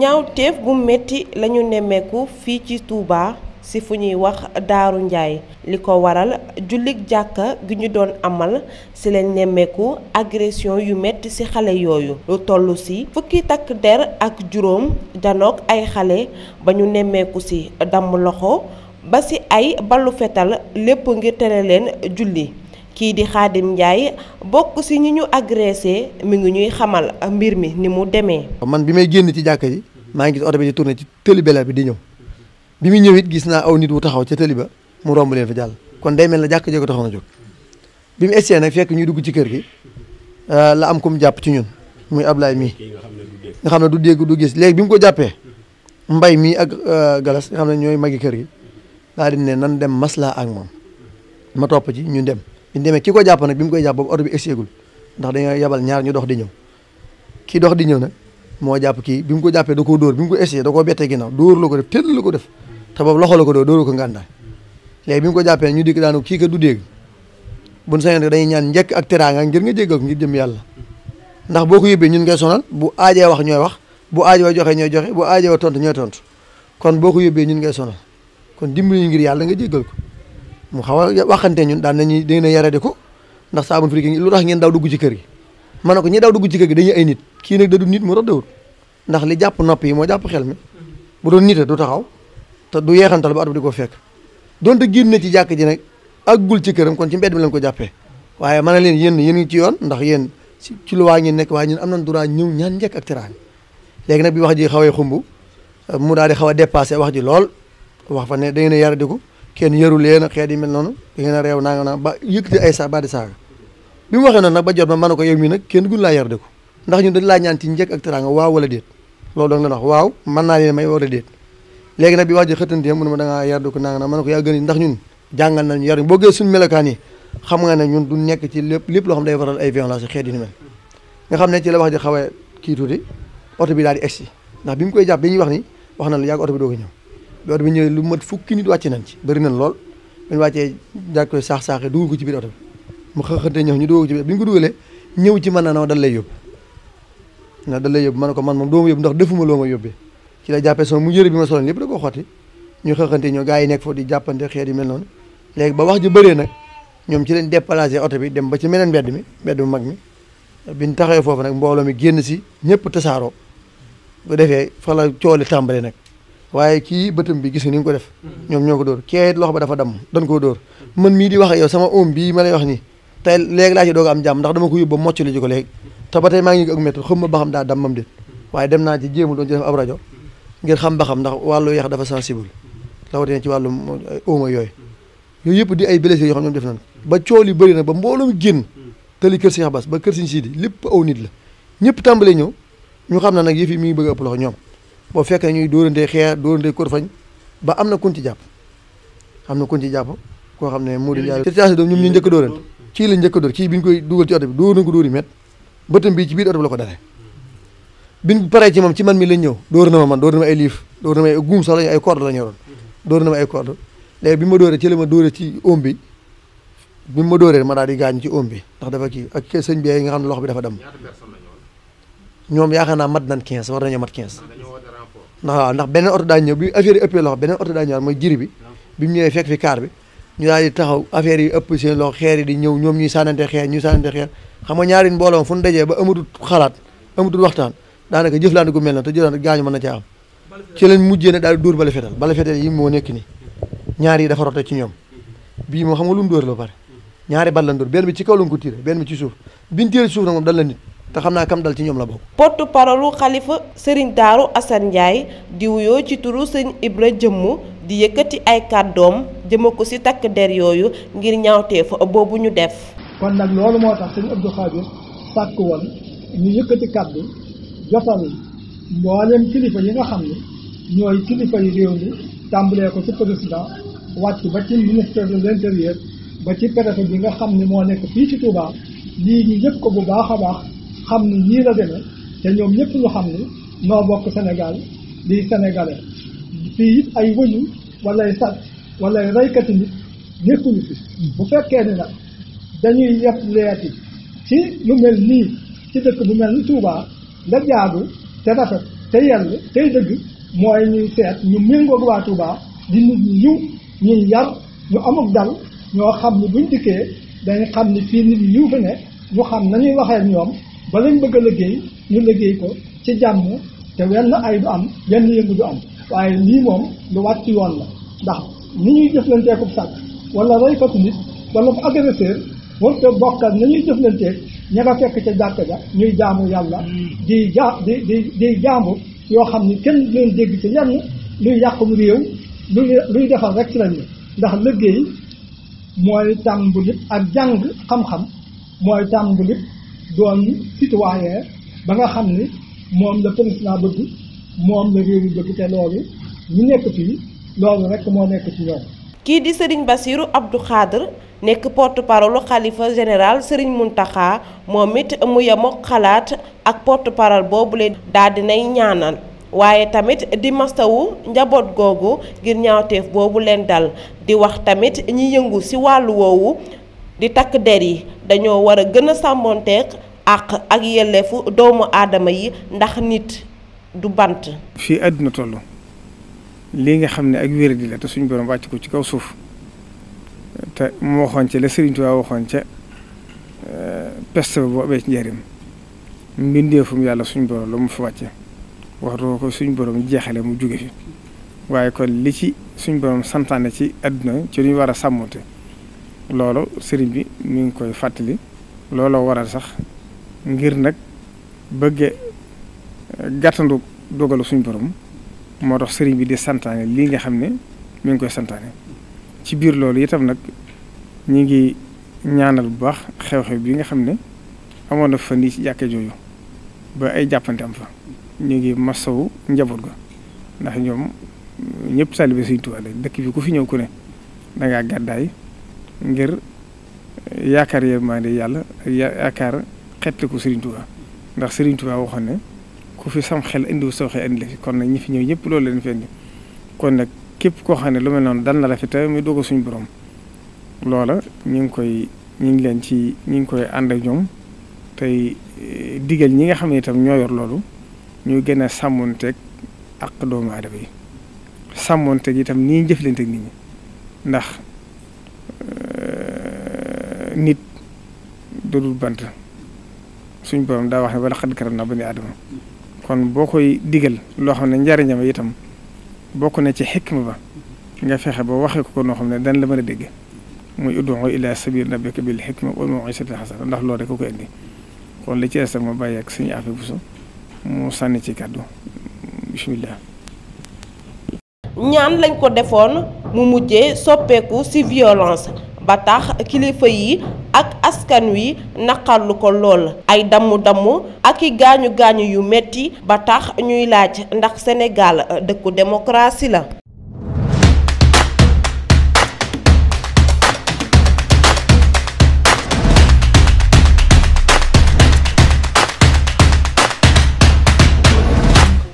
ñaawteef bu metti lañu nemmeeku fii ci Touba ci fu ñuy wax Daaru Njaay li ko waral jullik jàkka gi ñu doon amal ci leen nemmeeku agression yu metti ci xale yooyu lu toll si fukki takk der ak juróom janoog ay xale ba ñu nemmeeku ci damm loxo ba ci ay balu fetal lépp ngir tere leen julli kii di Xaadim Ndiaye bokk si ñu ñu agressé mi ngi ñuy xamal mbir mi ni mu demee. man bi may génn ci jàkka ji maa ngi gis oto bi di tourné ci tëli bi di ñëw bi muy ñëwit gis naa aw nit wu taxaw ca tëli ba mu romb leen fi jàll kon day mel na jàkk jee ko taxaw na jóg bi mu essayé nag fekk ñuy dugg ci kër gi euh, la am ku jàpp ci ñun muy Ablaye mii nga xam ne du dégg du gis léegi bi mu ko jàppee mbay mii ak euh, galas nga xam ne ñooy magi kër gi daal di ne nan dem maslaa ak moom ma topp ci ñu dem. biñu demee ki ko jàpp nag bi mu koy jàpp boobu oto bi egseegul ndax dañoo yabal ñaar ñu dox di ñëw kii dox di ñëw nag moo jàpp kii bi mu ko jàppee da koo dóor bi mu ko essayé da koo bettee ginnaaw dóor la ko def tëll la ko def te boobu loxo la ko dóor dóoru ko ngàndaay léegi bi mu ko jàppee ñu dikk daanu kii ka du dégg buñ sañoon dañuy ñaan njëkk ak teraanga ngir nga jéggal ko ngir jëm yàlla ndax boo ko yóbbee ñun ngay sonal bu aajee wax ñooy wax bu aajee wa joxe ñooy joxe bu aajee wa tontu ñooy tontu kon boo ko yóbbee ñun ngay sonal kon dimbali ñu ngir yàlla nga jéggal ko mu xaw a waxante ñun daan nañu dañ na yarade ko ndax saabu firi gi lu tax ngeen daw dugg ci kër gi ma ne ko ñi daw dugg ci kër gi dañuy ay nit kii nag da du nit mu rëddawul ndax li jàpp nopp yi moo jàpp xel mi bu doon nit nite du taxaw te du yeexantal ba at di ko fekk donte génn na ci jàkk ji ak gul ci këram kon ci mbedd mi lañ ko jàppee waaye ma ne leen yéen yéen ngi ci yoon ndax yéen ci lu waa ñi nekk waaye ñun am nañ droit ñëw ñaan njëkk ak tiraan léegi nag bi wax ji xawee xumb mu daal di xaw a dépassé wax ji lool wax fa ne dañu ne yaradiku kenn yarul leen a xeet yi mel noonu da ngeen a naa nga naa ba yëkkati ay saa ba di saaga bi mu waxee noonu nag ba jot ma man na ko yow mii nag kenn gun laa yar ko ndax ñun dañ laa ñaan ci njëkk ak teraanga waaw wala déet loolu doon waaw mën naa leen may wala déet nag bi waa ji xëttantee mu ne ma da ngaa yar de ko naa nga naa ko yaa gën ndax ñun jàngal nañu yar boo melokaan yi xam nga ne ñun du nekk ci lépp lépp loo xam day waral ay violence xeet yi ni mel nga xam ne ci la wax ji xaw a kii di oto bi daal di si ndax bi mu koy jàpp bi ñuy wax ni wax na la yàgg oto bi doo ko ñëw bi bi ñëwee lu mat fukki nit wàcce nañ ci bëri nañ lool buñ wàccee jàkk koy saax-saaxee dugal ko ci biir oto bi mu xëxante ñëw ñu dugal ko ci biir bi ñu ko dugalee ñëw ci mën na naw dal lay yóbbu na dal lay yóbbu man ko man moom doo ma ndax defuma loo ma yóbbee ci la jàppee sama mu yëre bi ma soloon yëpp da ko xotti ñu xëxante ñëw gars yi nekk foofu di jàppante xeet yi mel noonu léegi ba wax ji bëree nag ñoom ci leen déplacé oto bi dem ba ci meneen mbedd mi mbedd mu mag mi biñ taxawee foofu nag mbooloo mi génn si ñëpp tasaaroo bu defee fa la cooli tàmbale nag waaye kii bëtam bi gis nga ni nga ko def ñoom ñoo ko door kee loxo ba dafa damm dañ koo dóor man mii di wax yow sama oom bii ma lay wax nii tey léegi laa ci doog am jàmm ndax dama ko yóbbu ba li ji ko léegi te ba tey maa ngi ak métti xam ma ba xam daa dammam déet waaye dem naa ci jéemu doon ci def rajo ngir xam ba xam ndax wàllu yeex dafa sensible rawatina ci wàllu ooma yooyu yooyu yëpp di ay blessé yoo xam ñoom def nañ ba cool yi bëri na ba mboolum génn te li kër Cheikh Bass ba kër Serigne Sidi lépp aw nit la ñëpp tàmbalee ñëw ñu xam na nag yëf yi mi ngi bëgg a ëpp loxo ñoom boo fekkee ñuy dóorandee xeer dóorandee korfañ ba am na kun ci jàpp am na kun ci jàpp koo xam ne moo di jaay ci doom ñoom ñu njëkk dóorante kii la njëkk dóor kii bi koy dugal ci oto bi dóor na ko biir oto bi la ko dalee biñ paree ci moom ci man mi lañ ñëw dóor na ma man dóor ay liif dóor na ma ay guum la ñoroon dóor na ma ay corde bi ma dóoree ci la ma dóoree ci oom bi bi ma dóoree ma daal di gaañ ci oom bi ndax dafa kii ak sëñ bi nga xam ne loxo bi dafa dem ñoom yaakaar naa mat nañ 15 war nañoo mat 15 ndax ndax beneen oto daa ñëw bi affaire yi ëppee loxo beneen oto daa ñëwaat mooy jiri bi ñëwee fekk fi kaar bi ñu daal di taxaw affaire yi ëpp seen loxo xeer yi di ñëw ñoom ñuy sànnante xeer ñuy sànnante xeer xam nga ñaari mbooloo fu ñu dajee ba amatul xalaat amatul waxtaan daanaka jëflante gu mel na te jëflante gaañu mën na caa am ci leen mujjee ne daal di dóor bala fetal bala fetal yi moo nekk nii ñaar yi dafa rote ci ñoom bii moo xam nga lu mu dóor la ba pare ñaari bal lañ kaw lañ ko tiire benn bi ci suuf biñ tiire ci te xam naa kam dal ci ñoom la bokk. porte parole xalifa Serigne Darou Assane Ndiaye di wuyoo ci turu sëñ Ibra jëmm di yëkkati ay kàddoom jëma ko ci takk der yooyu ngir ñaawteef boobu ñu def. kon nag loolu moo tax sëñ Abdou Khadir sàkk woon ñu yëkkati kàddu jotal mboolem kilifa yi nga xam ne ñooy kilifa yi réew mi tàmbalee ko ci président wàcc ba ci ministère l'intérieur ba ci préfet bi nga xam ni moo nekk fii ci Touba lii ñu yëg ko bu baax a xam ni ñii la demee te ñoom ñëpp ñu xam ni noo bokk Sénégal di sénégalais fii ay wëñu wala ay sàcc wala ay raykati nit nekkuñu fi bu fekkee ni nag dañuy yëpp leeti ci lu mel nii ci dëkk bu mel ni Touba la jaadu te rafet te yell tey dëgg mooy ñuy seet ñu méngoog waa Touba di nit yiw ñuy yar ñu amuk dal ñoo xam ni buñ dikkee dañ xam ni fii nit ñi yiw fi ne ñu xam nañuy waxee ñoom ba lañ bëgg a liggéey ñu liggéey ko ci jàmm te wenn ay du am wenn yëngu du am waaye lii moom lu wàcc yoon la ndax ni ñuy jëflanteeku sàkk wala raykatu nit wala bu agresseur warta bokkal na ñuy jëflanteeg ña nga fekk ca jàkk ja ñuy jaamu yàlla mm. di ja di di jaamu yoo xam ni kenn leen dégg ci yenn luy yàqum réew luy luy defar rek ci lañ ndax liggéey mooy tàmbulit ak jàng xam-xam mooy tàmbulit doon citoyen ba nga xam ni moom la président bëgg moom la réew mi bëgg te loolu ñu nekk fii loolu rek moo nekk ci ñoom. kii di Serigne Bassirou Abdou Khadre nekk porte-parole xalifa général Serigne Mountakha moom it mu yem ak xalaat ak porte-parole boobu leen daal dinay ñaanal waaye tamit di mastawu njaboot googu ngir ñaawteef boobu leen dal di wax tamit ñi yëngu ci wàllu woowu di takk der yi dañoo war a gën a sàmmonteeg àq ak yelleefu doomu aadama yi ndax nit du bant. fii àdduna toll lii nga xam ne ak wér di la te suñu borom wàcc ko ci kaw suuf te mu waxoon ca la Sëriñ waxoon ca eh, peste ba boo amee ci njëriñ mbindeefum yàlla suñ borom lu mu fi wàcce waxtu ko suñu borom jeexale mu jóge fi waaye kon li ci suñ borom santaane ci àdduna ci lu ñu war a sàmmonte. loolu sëriñ bi mi ngi koy fàttali looloo waral sax ngir nag bëgge eh, gàttandu dogalu suñ boroom moo tax sëriñ bi di santaane lii nga xam ne mu ngi koy santaane ci biir loolu itam nag ñu ngi ñaanal bu baax xew-xew bi nga xam ne amoon na fan nii ci jàkke jooju ba ay jàppante am fa ñu ngi masawu njaboot ga ndax ñoom ñëpp taalibe Sëriñ Tuubaa la dëkk bi ku fi ñëw ku ne dangaa gàddaay ngir yaakaar yërmande yàlla ak yaakaar xetliku Serigne Touba ndax Serigne Touba waxoon ne ku fi sam xel indiwu soo xel indi la fi kon nag ñi fi ñëw ñëpp loolu leen fi indi kon nag képp koo xam ne lu mel noonu dal na la fi te muy doog suñu borom loola ñu ngi koy ñu ngi leen ci ñu ngi koy ànd ak ñoom tey eh, digal ñi nga xam ne itam ñoo yor loolu ñu gën a sàmmonteeg ak doomu aadama yi sàmmonteeg itam nii jëflanteeg nit ñi ndax. nit dudul bant suñ borom daa wax ne wala xad karam naa bani aadama kon boo koy digal loo xam ne njariñam itam bokk na ci xikma ba nga fexe ba waxee ko ko noo xam ne dan la mën a dégg muy ud'u ila sabil rabbika bil hikma wal maw'izati hasana ndax loolu rek ko koy indi kon li ci des ma bàyyi ak suñu affaire bu so mu sànni ci kàddu bismillah ñaan lañ ko defoon mu mujjee soppeeku ci violence ba tax kilifa yi ak askan wi naqarlu ko lool ay damu damu aki gaañu gaañu yu metti ba tax ñuy laaj ndax Sénégal dëkku démocratie la